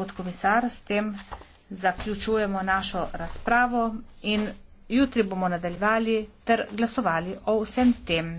gospod komisar, s tem zaključujemo našo razpravo in jutri bomo nadaljevali ter glasovali o vsem tem.